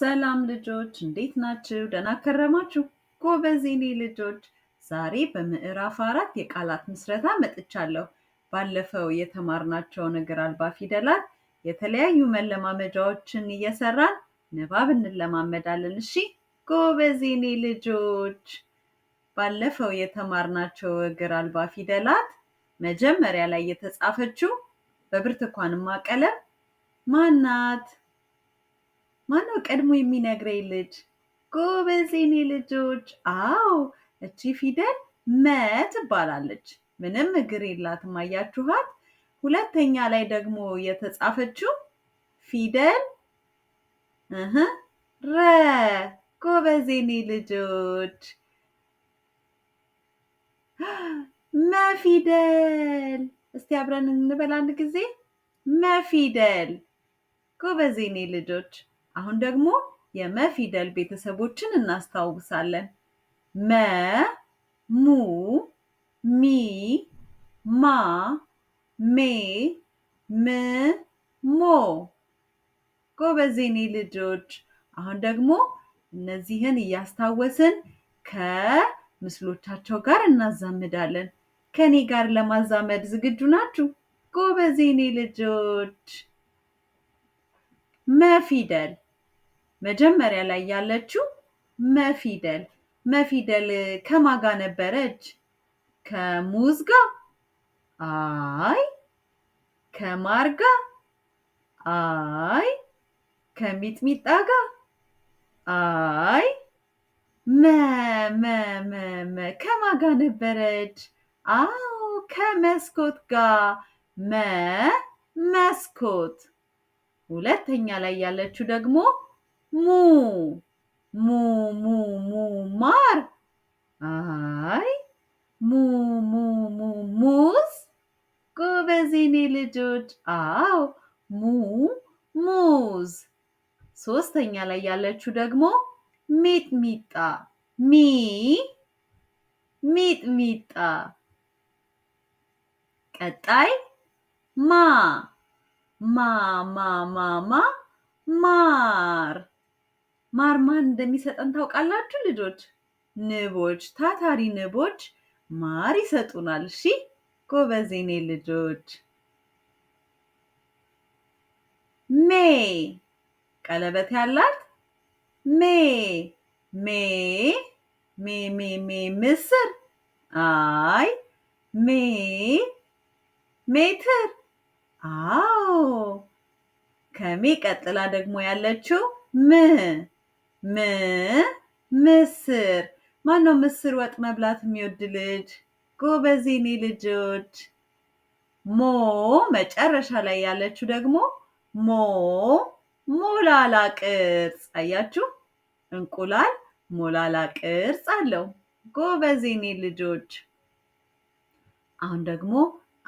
ሰላም ልጆች እንዴት ናችሁ? ደህና ከረማችሁ? ጎበዝ የኔ ልጆች፣ ዛሬ በምዕራፍ አራት የቃላት ምስረታ መጥቻለሁ። ባለፈው የተማርናቸውን እግር አልባ ፊደላት የተለያዩ መለማመጃዎችን እየሰራን ንባብ እንለማመዳለን። እሺ ጎበዝ የኔ ልጆች፣ ባለፈው የተማርናቸው እግር አልባ ፊደላት መጀመሪያ ላይ የተጻፈችው በብርቱካንማ ቀለም ማናት? ማነው ቀድሞ የሚነግረኝ ልጅ? ጎበዝ የኔ ልጆች። አዎ እቺ ፊደል መ ትባላለች። ምንም እግር የላትም። አያችኋት? ሁለተኛ ላይ ደግሞ የተጻፈችው ፊደል እህ ረ። ጎበዝ የኔ ልጆች። መፊደል እስቲ አብረን እንበል አንድ ጊዜ መፊደል። ጎበዝ የኔ ልጆች አሁን ደግሞ የመ ፊደል ቤተሰቦችን እናስታውሳለን። መ፣ ሙ፣ ሚ፣ ማ፣ ሜ፣ ም፣ ሞ። ጎበዝ ልጆች። አሁን ደግሞ እነዚህን እያስታወስን ከምስሎቻቸው ጋር እናዛምዳለን። ከኔ ጋር ለማዛመድ ዝግጁ ናችሁ? ጎበዜኔ ልጆች። መፊደል! መጀመሪያ ላይ ያለችው መፊደል መፊደል ከማጋ ጋር ነበረች? ከሙዝ ጋር? አይ ከማር ጋር? አይ ከሚጥሚጣ ጋር? አይ መ መ መ መ ከማን ጋር ነበረች? አዎ ከመስኮት ጋር መ መስኮት። ሁለተኛ ላይ ያለችው ደግሞ Му, му, му, му, мар. Ай. Му, му, му, мус. ጎበዝ ልጆች። አዎ ሙ ሙዝ። ሶስተኛ ላይ ያለችው ደግሞ ሚጥ ሚጣ ሚ ሚጥ ሚጣ ቀጣይ ማ ማ ማ ማ ማ ማር ማር ማን እንደሚሰጠን ታውቃላችሁ ልጆች? ንቦች፣ ታታሪ ንቦች ማር ይሰጡናል። እሺ ጎበዝ የኔ ልጆች። ሜ ቀለበት ያላት ሜ ሜ ሜ ሜ ሜ ምስር አይ ሜ ሜትር አዎ። ከሜ ቀጥላ ደግሞ ያለችው ም ም ምስር። ማን ነው ምስር ወጥ መብላት የሚወድ ልጅ? ጎበዝ የኔ ልጆች። ሞ መጨረሻ ላይ ያለችው ደግሞ ሞ ሞላላ ቅርጽ አያችሁ፣ እንቁላል ሞላላ ቅርጽ አለው። ጎበዝ የኔ ልጆች። አሁን ደግሞ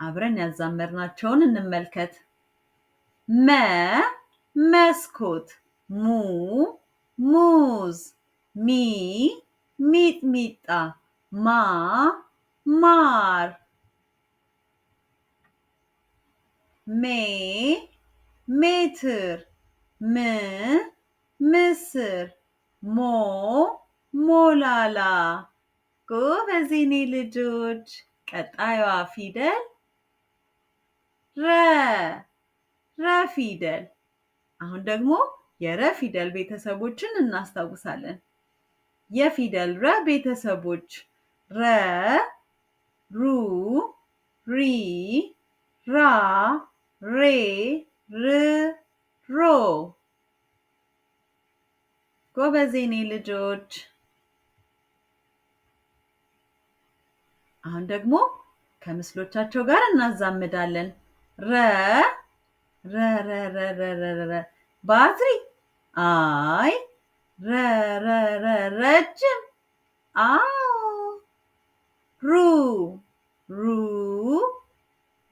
አብረን ያዛመርናቸውን እንመልከት። መ መስኮት፣ ሙ ሙዝ ሚ ሚጥሚጣ ማ ማር ሜ ሜትር ም ምስር ሞ ሞላላ ጎበዝ የኔ ልጆች። ቀጣዩዋ ፊደል ረ ረ ፊደል አሁን ደግሞ የረ ፊደል ቤተሰቦችን እናስታውሳለን። የፊደል ረ ቤተሰቦች ረ፣ ሩ፣ ሪ፣ ራ፣ ሬ፣ ር፣ ሮ። ጎበዝ ልጆች። አሁን ደግሞ ከምስሎቻቸው ጋር እናዛምዳለን። ረ ረ ረ ረ ረ ረ ባትሪ I r r r raj ow ru ru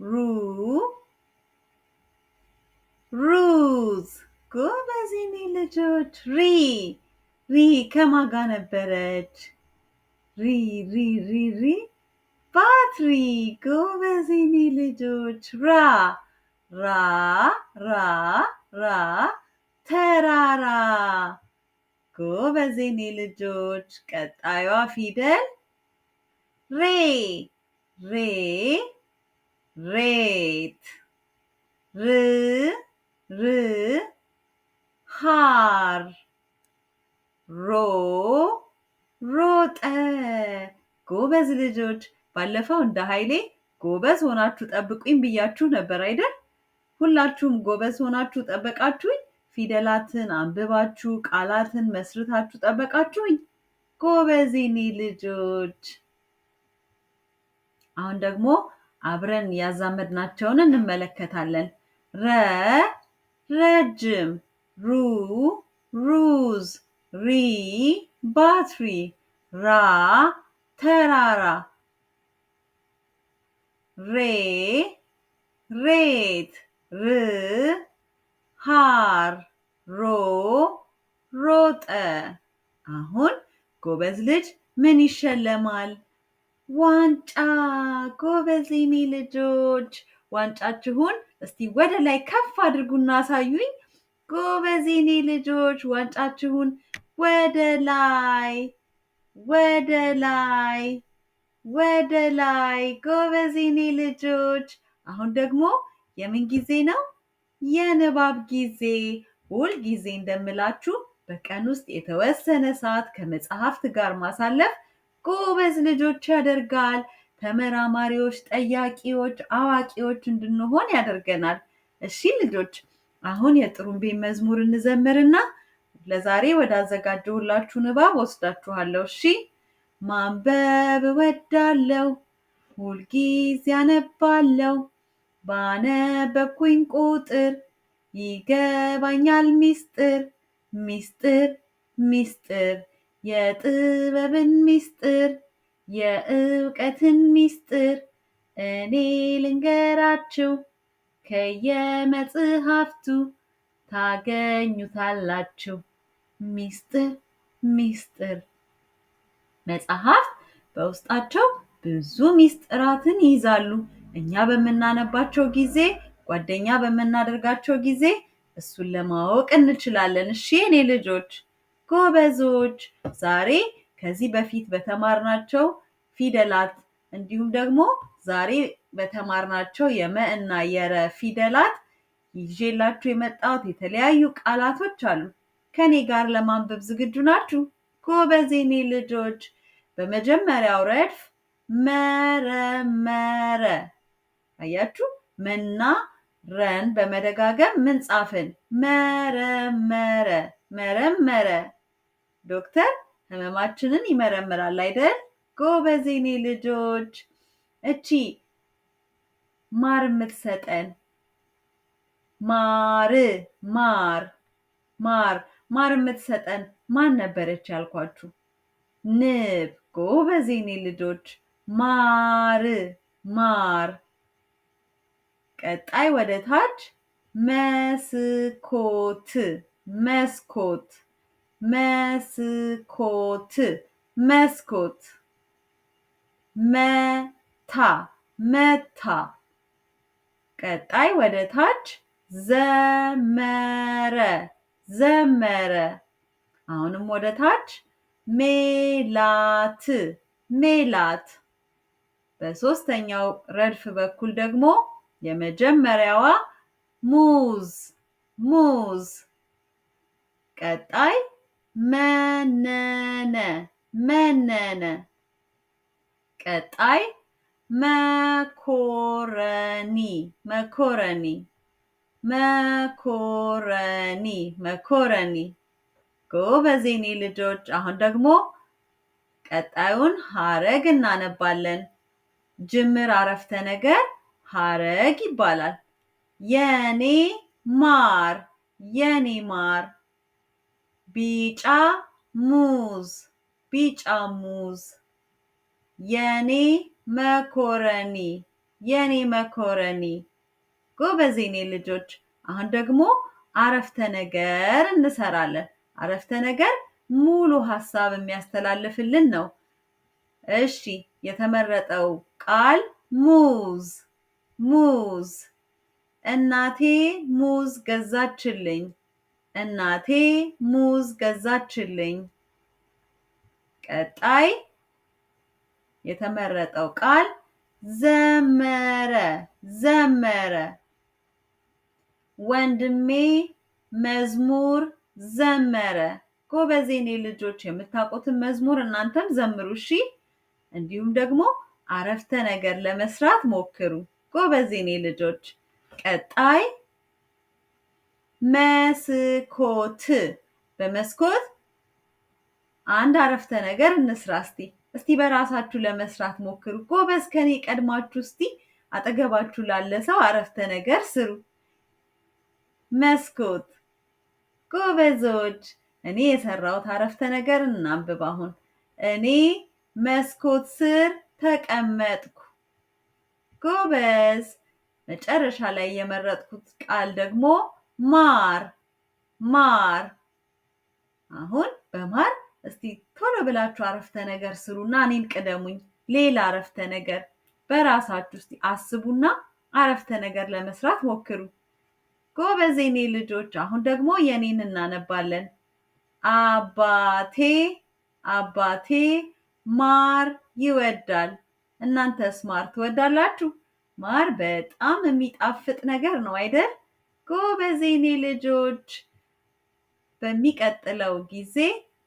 ru rules خوب از این ایلجو tree ri kemagana beret ri ri ri ri patri govazini lido tra ra ra ra ra ተራራ። ጎበዝ የኔ ልጆች። ቀጣዩዋ ፊደል ሬ ሬ ሬት ር ር ሃር ሮ ሮጠ። ጎበዝ ልጆች፣ ባለፈው እንደ ኃይሌ ጎበዝ ሆናችሁ ጠብቁኝ ብያችሁ ነበር አይደል? ሁላችሁም ጎበዝ ሆናችሁ ጠበቃችሁኝ። ፊደላትን አንብባችሁ ቃላትን መስርታችሁ ጠበቃችሁኝ። ጎበዝ ልጆች። አሁን ደግሞ አብረን ያዛመድናቸውን እንመለከታለን። ረ ረጅም፣ ሩ ሩዝ፣ ሪ ባትሪ፣ ራ ተራራ፣ ሬ ሬት፣ ር ሃር ሮ ሮጠ። አሁን ጎበዝ ልጅ ምን ይሸለማል? ዋንጫ። ጎበዝ የኔ ልጆች ዋንጫችሁን እስቲ ወደ ላይ ከፍ አድርጉና አሳዩኝ። ጎበዝ የኔ ልጆች ዋንጫችሁን ወደ ላይ ወደ ላይ ወደ ላይ። ጎበዝ የኔ ልጆች አሁን ደግሞ የምን ጊዜ ነው? የንባብ ጊዜ ሁል ጊዜ እንደምላችሁ በቀን ውስጥ የተወሰነ ሰዓት ከመጽሐፍት ጋር ማሳለፍ ጎበዝ ልጆች ያደርጋል። ተመራማሪዎች፣ ጠያቂዎች፣ አዋቂዎች እንድንሆን ያደርገናል። እሺ ልጆች፣ አሁን የጥሩምቤ መዝሙር እንዘምርና ለዛሬ ወዳዘጋጀሁላችሁ ንባብ ወስዳችኋለሁ። እሺ፣ ማንበብ እወዳለሁ፣ ሁልጊዜ አነባለሁ ባነበብኩኝ ቁጥር ይገባኛል ሚስጥር ሚስጥር ሚስጥር የጥበብን ሚስጥር የእውቀትን ሚስጥር እኔ ልንገራችሁ ከየመጽሐፍቱ ታገኙታላችሁ። ሚስጥር ሚስጥር መጽሐፍት በውስጣቸው ብዙ ሚስጥራትን ይይዛሉ። እኛ በምናነባቸው ጊዜ ጓደኛ በምናደርጋቸው ጊዜ እሱን ለማወቅ እንችላለን። እሺ የኔ ልጆች ጎበዞች፣ ዛሬ ከዚህ በፊት በተማርናቸው ፊደላት እንዲሁም ደግሞ ዛሬ በተማርናቸው የመ እና የረ ፊደላት ይዤላችሁ የመጣሁት የተለያዩ ቃላቶች አሉ። ከኔ ጋር ለማንበብ ዝግጁ ናችሁ? ጎበዝ የኔ ልጆች። በመጀመሪያው ረድፍ መረመረ አያችሁ መና ረን በመደጋገም ምን ጻፍን? መረመረ መረመረ። ዶክተር ህመማችንን ይመረምራል አይደል? ጎበዜኔ ልጆች። እቺ ማር የምትሰጠን ማር ማር ማር ማር የምትሰጠን ማን ነበረች ያልኳችሁ? ንብ። ጎበዜኔ ልጆች። ማር ማር ቀጣይ ወደ ታች መስኮት መስኮት መስኮት መስኮት መታ መታ ቀጣይ ወደ ታች ዘመረ ዘመረ አሁንም ወደ ታች ሜላት ሜላት በሶስተኛው ረድፍ በኩል ደግሞ የመጀመሪያዋ ሙዝ ሙዝ። ቀጣይ መነነ መነነ። ቀጣይ መኮረኒ መኮረኒ መኮረኒ መኮረኒ። ጎበዝ ልጆች። አሁን ደግሞ ቀጣዩን ሀረግ እናነባለን። ጅምር አረፍተ ነገር ሀረግ ይባላል። የኔ ማር የኔ ማር ቢጫ ሙዝ ቢጫ ሙዝ የኔ መኮረኒ የኔ መኮረኒ። ጎበዝ የኔ ልጆች። አሁን ደግሞ አረፍተ ነገር እንሰራለን። አረፍተ ነገር ሙሉ ሀሳብ የሚያስተላልፍልን ነው። እሺ የተመረጠው ቃል ሙዝ ሙዝ እናቴ ሙዝ ገዛችልኝ። እናቴ ሙዝ ገዛችልኝ። ቀጣይ የተመረጠው ቃል ዘመረ ዘመረ። ወንድሜ መዝሙር ዘመረ። ጎበዜ እኔ ልጆች የምታውቁትን መዝሙር እናንተም ዘምሩ እሺ። እንዲሁም ደግሞ አረፍተ ነገር ለመስራት ሞክሩ። ጎበዝ የኔ ልጆች። ቀጣይ መስኮት። በመስኮት አንድ አረፍተ ነገር እንስራ እስቲ እስቲ በራሳችሁ ለመስራት ሞክሩ። ጎበዝ ከኔ ቀድማችሁ እስቲ አጠገባችሁ ላለ ሰው አረፍተ ነገር ስሩ። መስኮት። ጎበዞች እኔ የሰራሁት አረፍተ ነገር እናንብብ አሁን። እኔ መስኮት ስር ተቀመጥኩ። ጎበዝ። መጨረሻ ላይ የመረጥኩት ቃል ደግሞ ማር ማር። አሁን በማር እስቲ ቶሎ ብላችሁ አረፍተ ነገር ስሩና እኔን ቅደሙኝ። ሌላ አረፍተ ነገር በራሳችሁ እስቲ አስቡና አረፍተ ነገር ለመስራት ሞክሩ። ጎበዝ የኔ ልጆች። አሁን ደግሞ የኔን እናነባለን። አባቴ አባቴ ማር ይወዳል። እናንተስ ማር ትወዳላችሁ? ማር በጣም የሚጣፍጥ ነገር ነው አይደል? ጎበዝ የኔ ልጆች። በሚቀጥለው ጊዜ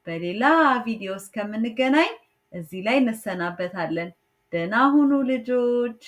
በሌላ ቪዲዮ እስከምንገናኝ እዚህ ላይ እንሰናበታለን። ደህና ሁኑ ልጆች።